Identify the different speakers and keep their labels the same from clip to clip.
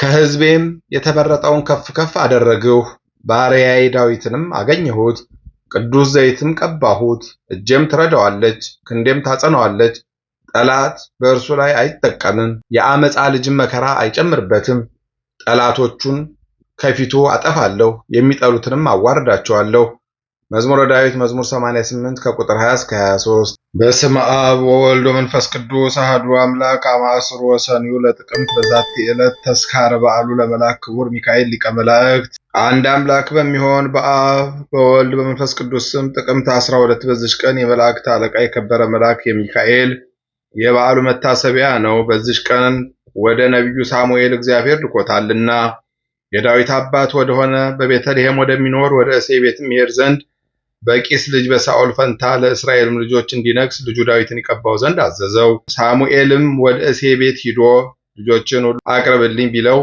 Speaker 1: ከሕዝቤም የተመረጠውን ከፍ ከፍ አደረግሁ፣ ባሪያዬ ዳዊትንም አገኘሁት። ቅዱስ ዘይትም ቀባሁት፣ እጄም ትረዳዋለች፣ ክንዴም ታጸናዋለች። ጠላት በእርሱ ላይ አይጠቀምም፣ የአመፃ ልጅም መከራ አይጨምርበትም። ጠላቶቹን ከፊቱ አጠፋለሁ፣ የሚጠሉትንም አዋርዳቸዋለሁ። መዝሙረ ዳዊት መዝሙር 88 ከቁጥር 20 እስከ 23። በስመ አብ ወወልድ ወመንፈስ ቅዱስ አህዱ አምላክ አማእስሩ ወሰንዩ ለጥቅምት በዛቲ ዕለት ተስካረ በዓሉ ለመልአክ ክቡር ሚካኤል ሊቀ መላእክት። አንድ አምላክ በሚሆን በአብ በወልድ በመንፈስ ቅዱስ ስም ጥቅምት 12 በዚች ቀን የመላእክት አለቃ የከበረ መልአክ የሚካኤል የበዓሉ መታሰቢያ ነው። በዚች ቀን ወደ ነቢዩ ሳሙኤል እግዚአብሔር ልኮታልና የዳዊት አባት ወደሆነ በቤተልሔም ወደሚኖር ወደ እሴይ ቤትም ይሄድ ዘንድ በቂስ ልጅ በሳኦል ፈንታ ለእስራኤልም ልጆች እንዲነግስ ልጁ ዳዊትን ይቀባው ዘንድ አዘዘው። ሳሙኤልም ወደ እሴ ቤት ሂዶ ልጆችን ሁሉ አቅርብልኝ ቢለው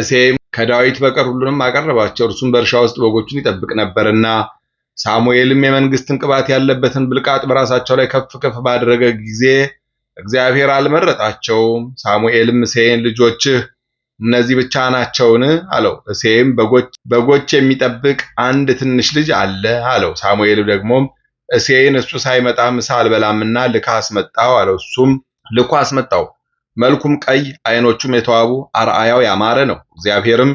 Speaker 1: እሴም ከዳዊት በቀር ሁሉንም አቀረባቸው፣ እርሱም በእርሻ ውስጥ በጎቹን ይጠብቅ ነበርና። ሳሙኤልም የመንግስትን ቅባት ያለበትን ብልቃጥ በራሳቸው ላይ ከፍ ከፍ ባደረገ ጊዜ እግዚአብሔር አልመረጣቸውም። ሳሙኤልም እሴን ልጆችህ እነዚህ ብቻ ናቸውን? አለው። እሴይም በጎች የሚጠብቅ አንድ ትንሽ ልጅ አለ አለው። ሳሙኤል ደግሞም እሴይን እሱ ሳይመጣ ምሳ አልበላምና ልካ አስመጣው አለው። እሱም ልኮ አስመጣው። መልኩም ቀይ፣ አይኖቹም የተዋቡ አርአያው ያማረ ነው። እግዚአብሔርም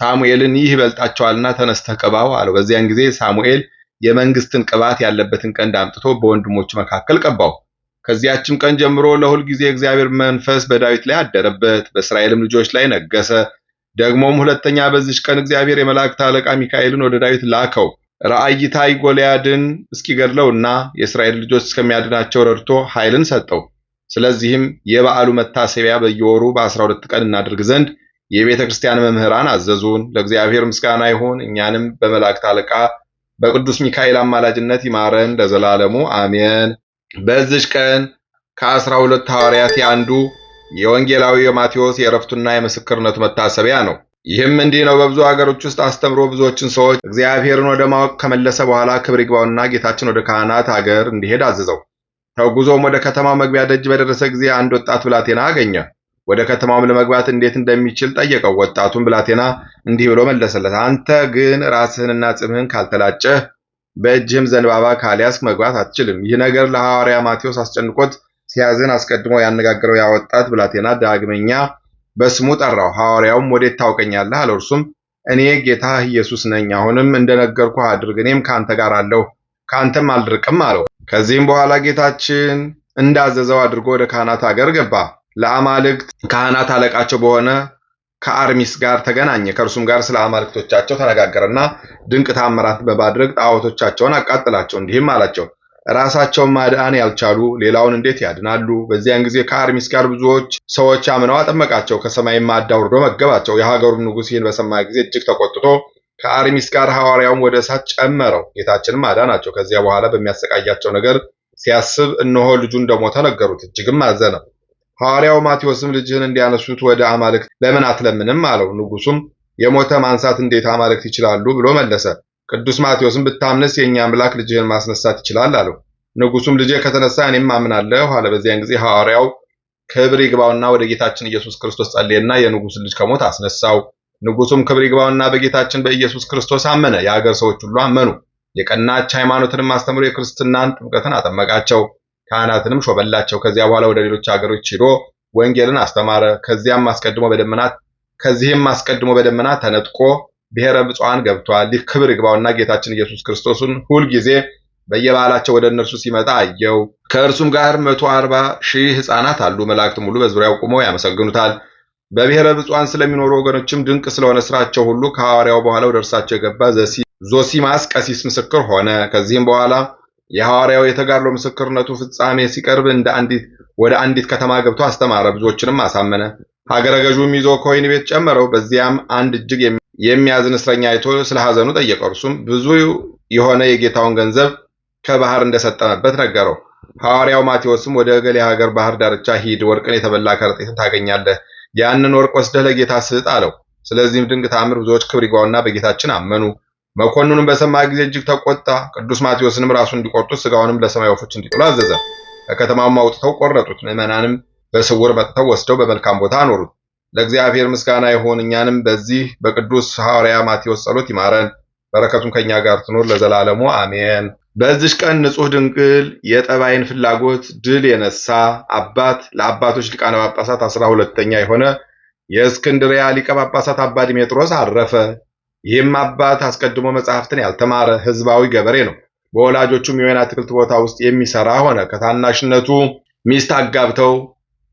Speaker 1: ሳሙኤልን ይህ ይበልጣቸዋልና ተነስተህ ቅባው አለው። በዚያን ጊዜ ሳሙኤል የመንግስትን ቅባት ያለበትን ቀንድ አምጥቶ በወንድሞቹ መካከል ቀባው። ከዚያችም ቀን ጀምሮ ለሁል ጊዜ እግዚአብሔር መንፈስ በዳዊት ላይ አደረበት፣ በእስራኤልም ልጆች ላይ ነገሰ። ደግሞም ሁለተኛ በዚች ቀን እግዚአብሔር የመላእክት አለቃ ሚካኤልን ወደ ዳዊት ላከው ራእይታይ ጎልያድን እስኪገድለውና የእስራኤል ልጆች እስከሚያድናቸው ረድቶ ኃይልን ሰጠው። ስለዚህም የበዓሉ መታሰቢያ በየወሩ በ12 ቀን እናድርግ ዘንድ የቤተ ክርስቲያን መምህራን አዘዙን። ለእግዚአብሔር ምስጋና ይሁን። እኛንም በመላእክት አለቃ በቅዱስ ሚካኤል አማላጅነት ይማረን ለዘላለሙ አሜን። በዚች ቀን ከአስራ ሁለት ሐዋርያት የአንዱ የወንጌላዊ የማቴዎስ የእረፍቱና የምስክርነቱ መታሰቢያ ነው። ይህም እንዲህ ነው። በብዙ ሀገሮች ውስጥ አስተምሮ ብዙዎችን ሰዎች እግዚአብሔርን ወደ ማወቅ ከመለሰ በኋላ ክብር ይግባውና ጌታችን ወደ ካህናት አገር እንዲሄድ አዘዘው። ተጉዞም ወደ ከተማው መግቢያ ደጅ በደረሰ ጊዜ አንድ ወጣት ብላቴና አገኘ። ወደ ከተማውም ለመግባት እንዴት እንደሚችል ጠየቀው። ወጣቱም ብላቴና እንዲህ ብሎ መለሰለት፣ አንተ ግን ራስህንና ጽምህን ካልተላጨህ በእጅህም ዘንባባ ካልያዝክ መግባት አትችልም። ይህ ነገር ለሐዋርያ ማቴዎስ አስጨንቆት ሲያዝን አስቀድሞ ያነጋገረው ያወጣት ብላቴና ዳግመኛ በስሙ ጠራው። ሐዋርያውም ወዴት ታውቀኛለህ አለው። እርሱም እኔ ጌታ ኢየሱስ ነኝ፣ አሁንም እንደነገርኩ አድርግ፣ እኔም ከአንተ ጋር አለሁ፣ ከአንተም አልርቅም አለው። ከዚህም በኋላ ጌታችን እንዳዘዘው አድርጎ ወደ ካህናት አገር ገባ። ለአማልክት ካህናት አለቃቸው በሆነ ከአርሚስ ጋር ተገናኘ። ከእርሱም ጋር ስለ አማልክቶቻቸው ተነጋገረና ድንቅ ታምራት በማድረግ ጣዖቶቻቸውን አቃጥላቸው። እንዲህም አላቸው፣ ራሳቸውን ማዳን ያልቻሉ ሌላውን እንዴት ያድናሉ? በዚያን ጊዜ ከአርሚስ ጋር ብዙዎች ሰዎች አምነው አጠመቃቸው። ከሰማይም ማዕድ መገባቸው። የሀገሩም ንጉሥ ይህን በሰማ ጊዜ እጅግ ተቆጥቶ ከአርሚስ ጋር ሐዋርያውን ወደ እሳት ጨመረው። ጌታችንም አዳናቸው። ከዚያ በኋላ በሚያሰቃያቸው ነገር ሲያስብ እነሆ ልጁ እንደሞተ ነገሩት። እጅግም አዘነ። ሐዋርያው ማቴዎስም ልጅህን እንዲያነሱት ወደ አማልክት ለምን አትለምንም አለው። ንጉሱም የሞተ ማንሳት እንዴት አማልክት ይችላሉ ብሎ መለሰ። ቅዱስ ማቴዎስም ብታምንስ የእኛ አምላክ ልጅህን ማስነሳት ይችላል አለው። ንጉሱም ልጄ ከተነሳ እኔም አምናለሁ አለ። በዚያን ጊዜ ሐዋርያው ክብር ይግባውና ወደ ጌታችን ኢየሱስ ክርስቶስ ጸልየና የንጉሥን ልጅ ከሞት አስነሳው። ንጉሱም ክብር ይግባውና በጌታችን በኢየሱስ ክርስቶስ አመነ። የአገር ሰዎች ሁሉ አመኑ። የቀናች ሃይማኖትንም አስተምሮ የክርስትናን ጥምቀትን አጠመቃቸው። ካህናትንም ሾመላቸው። ከዚያ በኋላ ወደ ሌሎች ሀገሮች ሂዶ ወንጌልን አስተማረ። ከዚያም አስቀድሞ በደመናት ከዚህም አስቀድሞ በደመና ተነጥቆ ብሔረ ብፁዓን ገብቷል። ይህ ክብር ይግባውና ጌታችን ኢየሱስ ክርስቶስን ሁልጊዜ በየበዓላቸው ወደ እነርሱ ሲመጣ አየው። ከእርሱም ጋር መቶ አርባ ሺህ ሕፃናት አሉ። መላእክትም ሁሉ በዙሪያው ቆመው ያመሰግኑታል። በብሔረ ብፁዓን ስለሚኖሩ ወገኖችም ድንቅ ስለሆነ ስራቸው ሁሉ ከሐዋርያው በኋላ ወደ እርሳቸው የገባ ዞሲማስ ቀሲስ ምስክር ሆነ። ከዚህም በኋላ የሐዋርያው የተጋድሎ ምስክርነቱ ፍጻሜ ሲቀርብ እንደ አንዲት ወደ አንዲት ከተማ ገብቶ አስተማረ፣ ብዙዎችንም አሳመነ። ሀገረ ገዡም ይዞ ኮይን ቤት ጨመረው። በዚያም አንድ እጅግ የሚያዝን እስረኛ አይቶ ስለ ሐዘኑ ጠየቀው። እርሱም ብዙ የሆነ የጌታውን ገንዘብ ከባህር እንደሰጠመበት ነገረው። ሐዋርያው ማቴዎስም ወደ ገሌ ሀገር ባህር ዳርቻ ሂድ፣ ወርቅን የተበላ ከረጢትን ታገኛለህ፣ ያንን ወርቅ ወስደህ ለጌታ ስጥ አለው። ስለዚህም ድንቅ ታምር ብዙዎች ክብር ይግባውና በጌታችን አመኑ። መኮንኑም በሰማ ጊዜ እጅግ ተቆጣ። ቅዱስ ማቴዎስንም ራሱ እንዲቆርጡት ስጋውንም ለሰማይ ወፎች እንዲጥሉ አዘዘ። ከከተማውም አውጥተው ቆረጡት። ምዕመናንም በስውር መጥተው ወስደው በመልካም ቦታ አኖሩት። ለእግዚአብሔር ምስጋና ይሁን። እኛንም በዚህ በቅዱስ ሐዋርያ ማቴዎስ ጸሎት ይማረን፣ በረከቱም ከኛ ጋር ትኖር ለዘላለሙ አሜን። በዚች ቀን ንጹሕ ድንግል የጠባይን ፍላጎት ድል የነሳ አባት ለአባቶች ሊቃነ ጳጳሳት አስራ ሁለተኛ የሆነ የእስክንድሪያ ሊቀ ጳጳሳት አባ ዲሜጥሮስ አረፈ። ይህም አባት አስቀድሞ መጽሐፍትን ያልተማረ ሕዝባዊ ገበሬ ነው። በወላጆቹም የወይን አትክልት ቦታ ውስጥ የሚሰራ ሆነ። ከታናሽነቱ ሚስት አጋብተው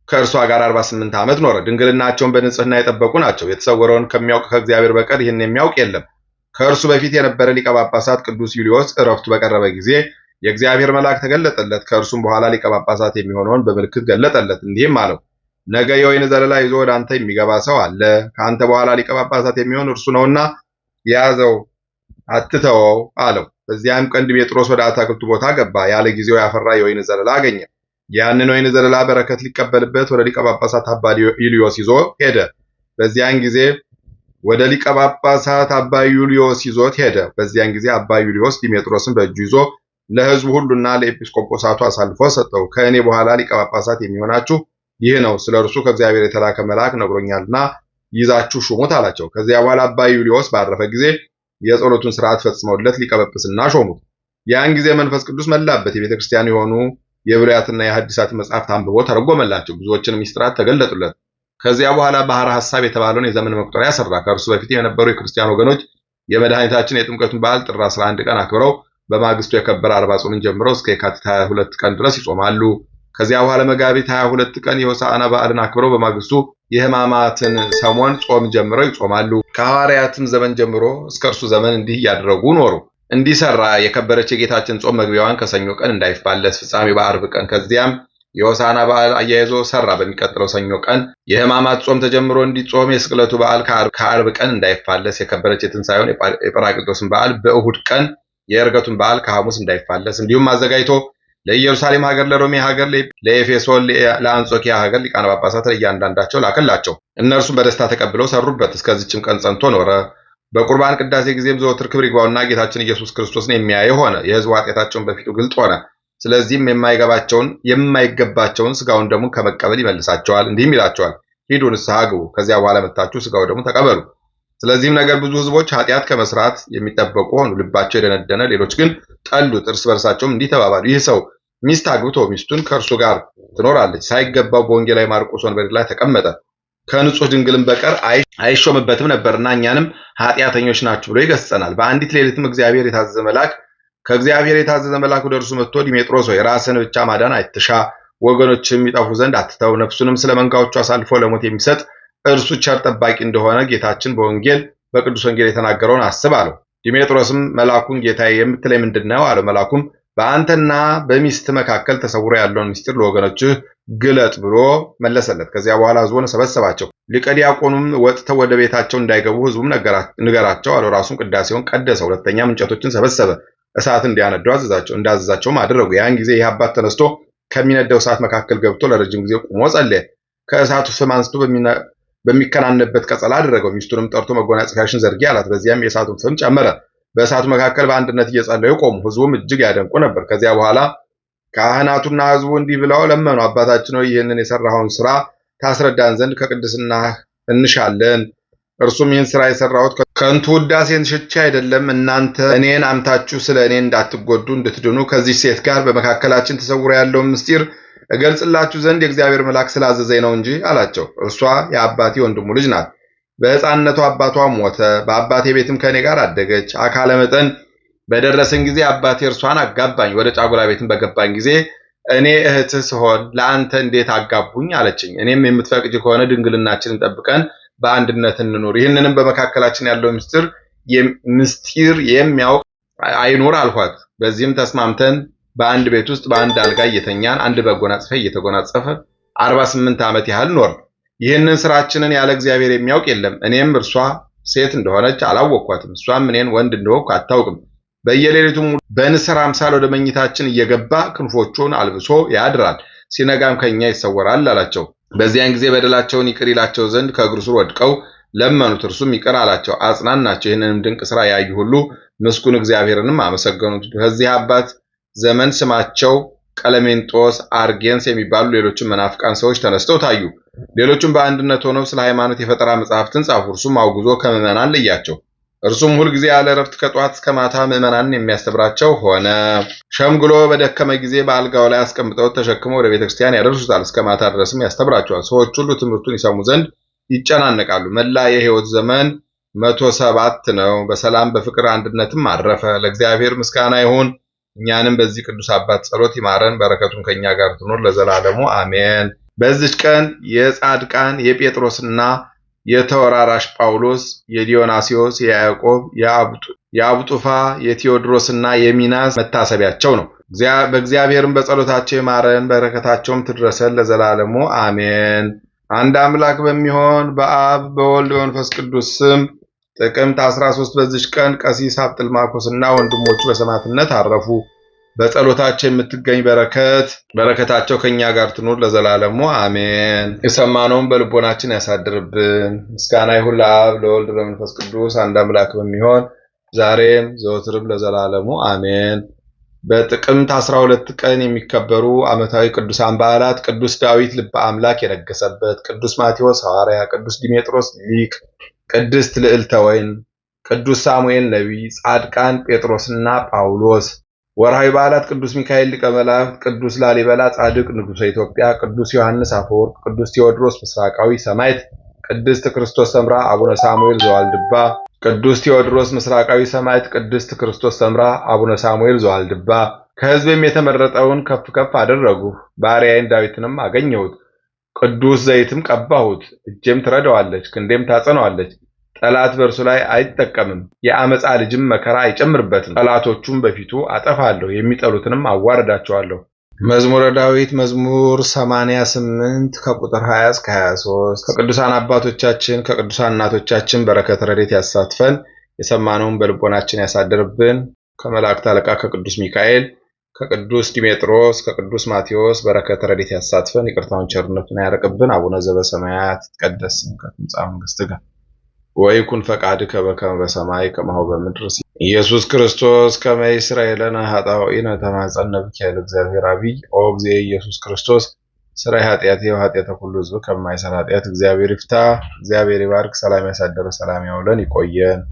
Speaker 1: ከእርሷ ጋር 48 ዓመት ኖረ። ድንግልናቸውን በንጽህና የጠበቁ ናቸው። የተሰወረውን ከሚያውቅ ከእግዚአብሔር በቀር ይህን የሚያውቅ የለም። ከእርሱ በፊት የነበረ ሊቀ ጳጳሳት ቅዱስ ዩልዮስ እረፍቱ በቀረበ ጊዜ የእግዚአብሔር መልአክ ተገለጠለት። ከእርሱም በኋላ ሊቀ ጳጳሳት የሚሆነውን በምልክት ገለጠለት፣ እንዲህም አለው ነገ የወይን ዘለላ ይዞ ወደ አንተ የሚገባ ሰው አለ። ከአንተ በኋላ ሊቀ ጳጳሳት የሚሆን እርሱ ነውና ያዘው፣ አትተወው አለው። በዚያም ቀን ጴጥሮስ ወደ አታክልቱ ቦታ ገባ። ያለ ጊዜው ያፈራ የወይን ዘለላ አገኘ። ያንን ወይን ዘለላ በረከት ሊቀበልበት ወደ ሊቀ ጳጳሳት አባ ዩልዮስ ይዞ ሄደ። በዚያን ጊዜ ወደ ሊቀ ጳጳሳት አባ ዩልዮስ ይዞት ሄደ። በዚያን ጊዜ አባ ዩልዮስ ዲሜጥሮስን በእጁ ይዞ ለሕዝቡ ሁሉና ለኤጲስቆጶሳቱ አሳልፎ ሰጠው። ከእኔ በኋላ ሊቀ ጳጳሳት የሚሆናችሁ ይህ ነው፣ ስለ እርሱ ከእግዚአብሔር የተላከ መልአክ ነግሮኛልና ይዛችሁ ሹሙት አላቸው። ከዚያ በኋላ አባ ዩልዮስ ባረፈ ጊዜ የጸሎቱን ስርዓት ፈጽመውለት ሊቀ ጵጵስና ሾሙት። ያን ጊዜ መንፈስ ቅዱስ መላበት። የቤተ ክርስቲያን የሆኑ የብሉያትና የሐዲሳት መጻሕፍት አንብቦ ተረጎመላቸው። ብዙዎችንም ሚስጥራት ተገለጡለት። ከዚያ በኋላ ባህረ ሐሳብ የተባለውን የዘመን መቁጠሪያ ሰራ። ከእርሱ በፊት የነበሩ የክርስቲያን ወገኖች የመድኃኒታችን የጥምቀቱን በዓል ጥር 11 ቀን አክብረው በማግስቱ የከበረ አርባ ጾምን ጀምረው እስከ የካቲት 22 ቀን ድረስ ይጾማሉ። ከዚያ በኋላ መጋቢት 22 ቀን የሆሳዕና በዓልን አክብረው በማግስቱ የሕማማትን ሰሞን ጾም ጀምረው ይጾማሉ። ከሐዋርያትም ዘመን ጀምሮ እስከ እርሱ ዘመን እንዲህ እያደረጉ ኖሩ። እንዲሰራ የከበረች የጌታችን ጾም መግቢያዋን ከሰኞ ቀን እንዳይፋለስ ፍጻሜ በአርብ ቀን ከዚያም የሆሳና በዓል አያይዞ ሰራ። በሚቀጥለው ሰኞ ቀን የሕማማት ጾም ተጀምሮ እንዲጾም የስቅለቱ በዓል ከአርብ ቀን እንዳይፋለስ የከበረች የትንሣኤውን የጰራቅሊጦስን በዓል በእሁድ ቀን የእርገቱን በዓል ከሐሙስ እንዳይፋለስ እንዲሁም አዘጋጅቶ ለኢየሩሳሌም ሀገር፣ ለሮሜ ሀገር፣ ለኤፌሶን፣ ለአንጾኪያ ሀገር ሊቃነ ጳጳሳት ለእያንዳንዳቸው ላከላቸው። እነርሱም በደስታ ተቀብለው ሰሩበት። እስከዚችም ቀን ጸንቶ ኖረ። በቁርባን ቅዳሴ ጊዜም ዘወትር ክብር ይግባውና ጌታችን ኢየሱስ ክርስቶስን የሚያይ ሆነ። የሕዝቡ ኃጢአታቸውን በፊቱ ግልጥ ሆነ። ስለዚህም የማይገባቸውን የማይገባቸውን ስጋውን ደሙን ከመቀበል ይመልሳቸዋል። እንዲህም ይላቸዋል፣ ሂዱ ንስሐ ግቡ፣ ከዚያ በኋላ መታችሁ ስጋው ደሙን ተቀበሉ። ስለዚህም ነገር ብዙ ህዝቦች ኃጢአት ከመስራት የሚጠበቁ ሆኑ። ልባቸው የደነደነ ሌሎች ግን ጠሉት። እርስ በርሳቸውም እንዲህ ተባባሉ፣ ይህ ሰው ሚስት አግብቶ ሚስቱን ከእርሱ ጋር ትኖራለች፣ ሳይገባው በወንጌላዊ ማርቆስ ወንበር ላይ ተቀመጠ፣ ከንጹህ ድንግልም በቀር አይሾምበትም ነበርና እኛንም ኃጢአተኞች ናችሁ ብሎ ይገስጸናል። በአንዲት ሌሊትም እግዚአብሔር የታዘዘ መልአክ ከእግዚአብሔር የታዘዘ መልአክ ወደ እርሱ መጥቶ ዲሜጥሮስ ሆይ ራስን ብቻ ማዳን አይትሻ፣ ወገኖችም የሚጠፉ ዘንድ አትተው፣ ነፍሱንም ስለ መንጋዎቹ አሳልፎ ለሞት የሚሰጥ እርሱ ቸር ጠባቂ እንደሆነ ጌታችን በወንጌል በቅዱስ ወንጌል የተናገረውን አስብ አለው። ዲሜጥሮስም መልአኩን ጌታዬ የምትለኝ ምንድን ነው አለው። መልአኩም በአንተና በሚስት መካከል ተሰውሮ ያለውን ምስጢር ለወገኖችህ ግለጥ ብሎ መለሰለት። ከዚያ በኋላ ሕዝቡን ሰበሰባቸው። ሊቀ ዲያቆኑም ወጥተው ወደ ቤታቸው እንዳይገቡ ሕዝቡም ንገራቸው አለው። ራሱን ቅዳሴውን ቀደሰ። ሁለተኛም እንጨቶችን ሰበሰበ፣ እሳት እንዲያነዱ አዘዛቸው። እንዳዘዛቸውም አደረጉ። ያን ጊዜ ይህ አባት ተነስቶ ከሚነደው እሳት መካከል ገብቶ ለረጅም ጊዜ ቁሞ ጸለየ። ከእሳቱ ስም አንስቶ በሚከናንበት ቀጸላ አደረገው። ሚስቱንም ጠርቶ መጎናጸፊያሽን ዘርጊ አላት። በዚያም የእሳቱን ፍም ጨመረ። በእሳቱ መካከል በአንድነት እየጸለዩ ቆሙ። ሕዝቡም እጅግ ያደንቁ ነበር። ከዚያ በኋላ ካህናቱና ሕዝቡ እንዲህ ብለው ለመኑ፣ አባታችን ሆይ ይህንን የሰራኸውን ስራ ታስረዳን ዘንድ ከቅድስና እንሻለን። እርሱም ይህን ስራ የሰራሁት ከንቱ ውዳሴን ሽቼ አይደለም፣ እናንተ እኔን አምታችሁ ስለ እኔ እንዳትጎዱ እንድትድኑ ከዚህ ሴት ጋር በመካከላችን ተሰውሮ ያለውን ምስጢር እገልጽላችሁ ዘንድ የእግዚአብሔር መልአክ ስላዘዘኝ ነው እንጂ አላቸው። እርሷ የአባቴ ወንድሙ ልጅ ናት። በሕፃንነቱ አባቷ ሞተ። በአባቴ ቤትም ከእኔ ጋር አደገች። አካለ መጠን በደረሰን ጊዜ አባቴ እርሷን አጋባኝ። ወደ ጫጉላ ቤትም በገባኝ ጊዜ እኔ እህትህ ስሆን ለአንተ እንዴት አጋቡኝ አለችኝ። እኔም የምትፈቅጅ ከሆነ ድንግልናችንን ጠብቀን በአንድነት እንኑር፣ ይህንንም በመካከላችን ያለው ምስጢር ምስጢር የሚያውቅ አይኑር አልኋት። በዚህም ተስማምተን በአንድ ቤት ውስጥ በአንድ አልጋ እየተኛን አንድ መጎናጸፊያ እየተጎናጸፈ አርባ ስምንት ዓመት ያህል ኖር ይህንን ስራችንን ያለ እግዚአብሔር የሚያውቅ የለም። እኔም እርሷ ሴት እንደሆነች አላወቅኳትም፣ እሷም እኔን ወንድ እንደሆንኩ አታውቅም። በየሌሊቱም በንስር አምሳል ወደ መኝታችን እየገባ ክንፎቹን አልብሶ ያድራል፣ ሲነጋም ከኛ ይሰወራል አላቸው። በዚያን ጊዜ በደላቸውን ይቅር ይላቸው ዘንድ ከእግሩ ስር ወድቀው ለመኑት። እርሱም ይቅር አላቸው፣ አጽናናቸው። ይህንንም ድንቅ ስራ ያዩ ሁሉ ምስጉን እግዚአብሔርንም አመሰገኑት። ከዚህ አባት ዘመን ስማቸው ቀለሜንጦስ፣ አርጌንስ የሚባሉ ሌሎችም መናፍቃን ሰዎች ተነስተው ታዩ። ሌሎችም በአንድነት ሆነው ስለ ሃይማኖት የፈጠራ መጽሐፍትን ጻፉ። እርሱም አውግዞ ከምዕመናን ለያቸው። እርሱም ሁልጊዜ ያለ እረፍት ከጠዋት እስከ ማታ ምዕመናንን የሚያስተምራቸው ሆነ። ሸምግሎ በደከመ ጊዜ በአልጋው ላይ አስቀምጠው ተሸክመው ወደ ቤተ ክርስቲያን ያደርሱታል። እስከ ማታ ድረስም ያስተምራቸዋል። ሰዎች ሁሉ ትምህርቱን ይሰሙ ዘንድ ይጨናነቃሉ። መላ የሕይወት ዘመን መቶ ሰባት ነው። በሰላም በፍቅር አንድነትም አረፈ። ለእግዚአብሔር ምስጋና ይሁን። እኛንም በዚህ ቅዱስ አባት ጸሎት ይማረን፣ በረከቱን ከኛ ጋር ትኖር ለዘላለሙ አሜን። በዚች ቀን የጻድቃን የጴጥሮስና የተወራራሽ ጳውሎስ፣ የዲዮናሲዎስ፣ የያዕቆብ፣ የአብጡፋ፣ የቴዎድሮስና የሚናስ መታሰቢያቸው ነው። በእግዚአብሔርም በጸሎታቸው ይማረን፣ በረከታቸውም ትድረሰን ለዘላለሙ አሜን። አንድ አምላክ በሚሆን በአብ በወልድ በመንፈስ ቅዱስ ስም ጥቅምት 13 በዚች ቀን ቀሲስ እና ወንድሞቹ በሰማዕትነት አረፉ። በጸሎታቸው የምትገኝ በረከት በረከታቸው ከኛ ጋር ትኑር ለዘላለሙ አሜን። የሰማነውን በልቦናችን ያሳድርብን። ምስጋና ይሁን ለአብ ለወልድ ለመንፈስ ቅዱስ አንድ አምላክ በሚሆን ዛሬም ዘወትርም ለዘላለሙ አሜን። በጥቅምት 12 ቀን የሚከበሩ ዓመታዊ ቅዱሳን በዓላት ቅዱስ ዳዊት ልበ አምላክ የነገሰበት፣ ቅዱስ ማቴዎስ ሐዋርያ፣ ቅዱስ ዲሜጥሮስ ሊቅ ቅድስት ልዕልተ ወይን፣ ቅዱስ ሳሙኤል ነቢይ፣ ጻድቃን ጴጥሮስና ጳውሎስ። ወርሃዊ በዓላት ቅዱስ ሚካኤል ሊቀ መላእክት፣ ቅዱስ ላሊበላ ጻድቅ ንጉሠ ኢትዮጵያ፣ ቅዱስ ዮሐንስ አፈወርቅ፣ ቅዱስ ቴዎድሮስ ምስራቃዊ ሰማዕት፣ ቅድስት ክርስቶስ ሰምራ፣ አቡነ ሳሙኤል ዘዋልድባ። ቅዱስ ቴዎድሮስ ምስራቃዊ ሰማዕት፣ ቅድስት ክርስቶስ ሰምራ፣ አቡነ ሳሙኤል ዘዋልድባ። ከሕዝብም የተመረጠውን ከፍ ከፍ አደረጉ፣ ባሪያዬን ዳዊትንም አገኘሁት ቅዱስ ዘይትም ቀባሁት፣ እጄም ትረዳዋለች፣ ክንዴም ታጸነዋለች። ጠላት በእርሱ ላይ አይጠቀምም፣ የአመፃ ልጅም መከራ አይጨምርበትም። ጠላቶቹም በፊቱ አጠፋለሁ፣ የሚጠሉትንም አዋርዳቸዋለሁ። መዝሙረ ዳዊት መዝሙር 88 ከቁጥር 20 እስከ 23። ከቅዱሳን አባቶቻችን ከቅዱሳን እናቶቻችን በረከት ረድኤት ያሳትፈን፣ የሰማነውን በልቦናችን ያሳድርብን። ከመላእክት አለቃ ከቅዱስ ሚካኤል ከቅዱስ ዲሜጥሮስ ከቅዱስ ማቴዎስ በረከተ ረድኤት ያሳትፈን፣ ይቅርታውን ቸርነቱን ያረቅብን። አቡነ ዘበሰማያት ይትቀደስ ስምከ ትምጻእ መንግሥትከ ወይኩን ፈቃድ በከመ በሰማይ ከማሁ በምድር ኢየሱስ ክርስቶስ ከመ ይስረይ ለነ ኃጣውኢነ ተማፀነ እግዚአብሔር አብይ ኦ ጊዜ ኢየሱስ ክርስቶስ ስራይ ኃጢአት የው ኃጢአተ ሁሉ ህዝብ ከማይሰራ ኃጢአት እግዚአብሔር ይፍታ። እግዚአብሔር ይባርክ። ሰላም ያሳደረ ሰላም ያውለን። ይቆየን።